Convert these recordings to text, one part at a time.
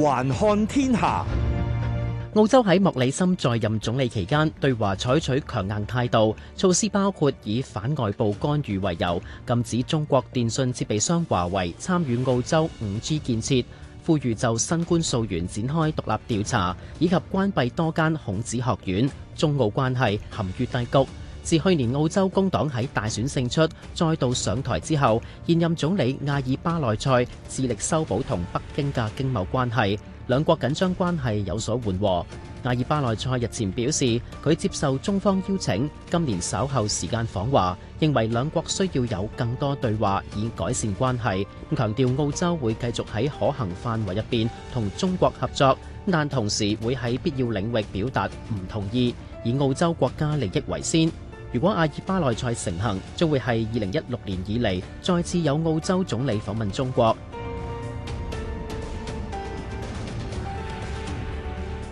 環看天下，澳洲喺莫里森在任總理期間，對華採取強硬態度，措施包括以反外部干預為由，禁止中國電信設備商華為參與澳洲五 G 建設，呼籲就新冠溯源展開獨立調查，以及關閉多間孔子學院。中澳關係陷於低谷。自去年澳洲工黨喺大選勝出再度上台之後現任總理阿爾巴內塞致力修補同北京嘅經貿關係兩國緊張關係有所緩和阿爾巴內塞日前表示佢接受中方邀請今年稍後時間訪華認為兩國需要有更多對話以改善關係強調澳洲會繼續喺可行範圍入邊同中國合作但同時會喺必要領域表達唔同意以澳洲國家利益為先如果阿爾巴內塞成行，將會係二零一六年以嚟再次有澳洲總理訪問中國。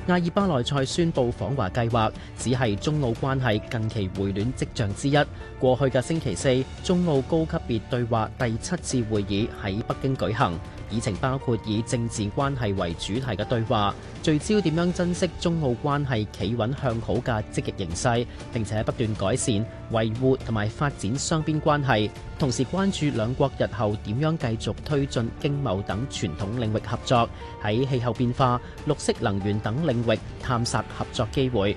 阿爾巴內塞宣布訪華計劃，只係中澳關係近期回暖跡象之一。過去嘅星期四，中澳高級別對話第七次會議喺北京舉行。議程包括以政治關係為主題嘅對話，聚焦點樣珍惜中澳關係企穩向好嘅積極形勢，並且不斷改善、維護同埋發展雙邊關係，同時關注兩國日後點樣繼續推進經貿等傳統領域合作，喺氣候變化、綠色能源等領域探索合作機會。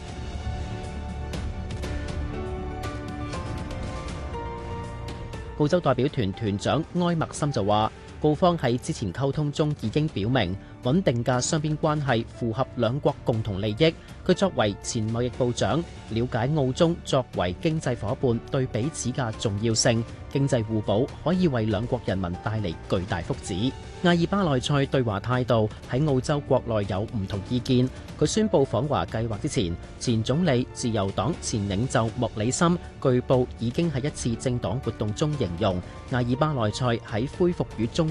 澳洲代表團團長埃默森就話。澳方喺之前溝通中已經表明，穩定嘅雙邊關係符合兩國共同利益。佢作為前貿易部長，瞭解澳中作為經濟夥伴對彼此嘅重要性，經濟互補可以為兩國人民帶嚟巨大福祉。阿爾巴內塞對華態度喺澳洲國內有唔同意見。佢宣布訪華計劃之前，前總理自由黨前領袖莫里森據報已經喺一次政黨活動中形容，阿爾巴內塞喺恢復與中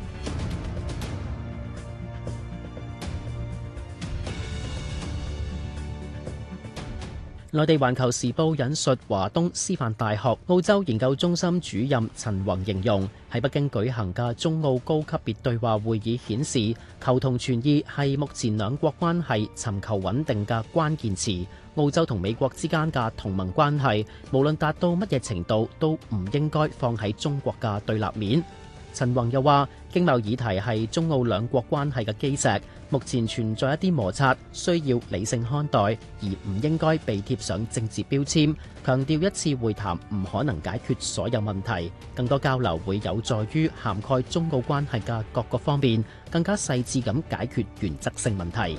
內地環球時報引述華東師範大學澳洲研究中心主任陳宏形容，喺北京舉行嘅中澳高級別對話會議顯示，求同存異係目前兩國關係尋求穩定嘅關鍵詞。澳洲同美國之間嘅同盟關係，無論達到乜嘢程度，都唔應該放喺中國嘅對立面。陳宏又話：經貿議題係中澳兩國關係嘅基石，目前存在一啲摩擦，需要理性看待，而唔應該被貼上政治標籤。強調一次會談唔可能解決所有問題，更多交流會有助於涵蓋中澳關係嘅各個方面，更加細緻咁解決原則性問題。